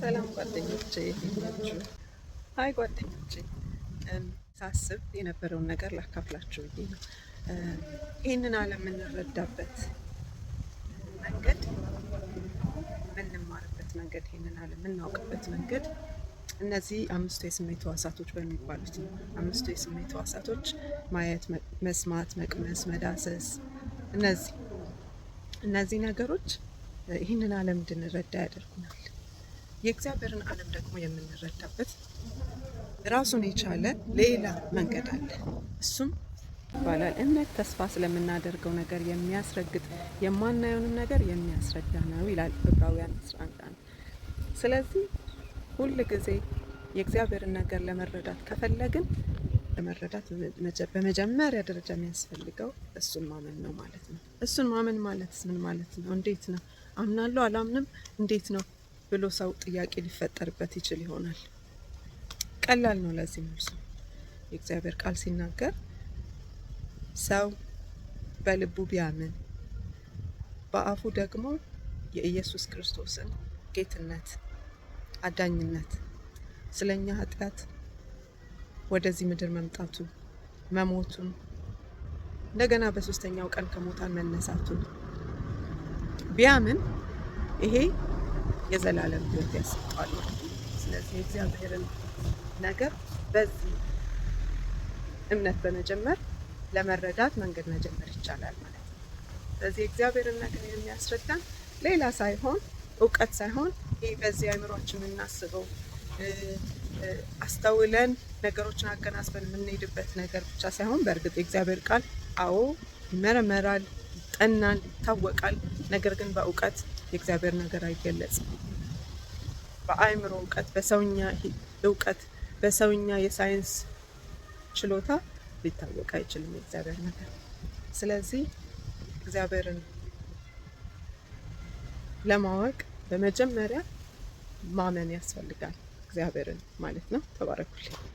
ሰላም ጓደኞቼ ናችሁ። አይ ጓደኞቼ ሳስብ የነበረውን ነገር ላካፍላችሁ ብዬ ነው። ይህንን ዓለም የምንረዳበት መንገድ፣ የምንማርበት መንገድ፣ ይህንን ዓለም የምናውቅበት መንገድ እነዚህ አምስቱ የስሜት ህዋሳቶች በሚባሉት ነው። አምስቱ የስሜት ህዋሳቶች ማየት፣ መስማት፣ መቅመስ፣ መዳሰስ እነዚህ እነዚህ ነገሮች ይህንን ዓለም እንድንረዳ ያደርጉናል። የእግዚአብሔርን ዓለም ደግሞ የምንረዳበት ራሱን የቻለ ሌላ መንገድ አለ። እሱም ይባላል እምነት ተስፋ ስለምናደርገው ነገር የሚያስረግጥ የማናየውንም ነገር የሚያስረዳ ነው ይላል ዕብራውያን 11። ስለዚህ ሁል ጊዜ የእግዚአብሔርን ነገር ለመረዳት ከፈለግን ለመረዳት በመጀመሪያ ደረጃ የሚያስፈልገው እሱን ማመን ነው ማለት ነው። እሱን ማመን ማለት ምን ማለት ነው? እንዴት ነው? አምናለሁ አላምንም? እንዴት ነው ብሎ ሰው ጥያቄ ሊፈጠርበት ይችል ይሆናል። ቀላል ነው። ለዚህ መልሱ የእግዚአብሔር ቃል ሲናገር ሰው በልቡ ቢያምን በአፉ ደግሞ የኢየሱስ ክርስቶስን ጌትነት፣ አዳኝነት፣ ስለኛ ኃጢአት ወደዚህ ምድር መምጣቱ፣ መሞቱን፣ እንደገና በሶስተኛው ቀን ከሞታን መነሳቱን ቢያምን ይሄ የዘላለም ሕይወት ያስጠዋል። ስለዚህ የእግዚአብሔርን ነገር በዚህ እምነት በመጀመር ለመረዳት መንገድ መጀመር ይቻላል ማለት ነው። ስለዚህ የእግዚአብሔርን ነገር የሚያስረዳን ሌላ ሳይሆን እውቀት ሳይሆን ይህ በዚህ አይምሯችን የምናስበው አስተውለን ነገሮችን አገናዝበን የምንሄድበት ነገር ብቻ ሳይሆን በእርግጥ የእግዚአብሔር ቃል አዎ ይመረመራል፣ ይጠናል፣ ይታወቃል። ነገር ግን በእውቀት የእግዚአብሔር ነገር አይገለጽም። በአእምሮ እውቀት፣ በሰውኛ እውቀት፣ በሰውኛ የሳይንስ ችሎታ ሊታወቅ አይችልም የእግዚአብሔር ነገር። ስለዚህ እግዚአብሔርን ለማወቅ በመጀመሪያ ማመን ያስፈልጋል። እግዚአብሔርን ማለት ነው። ተባረኩልኝ።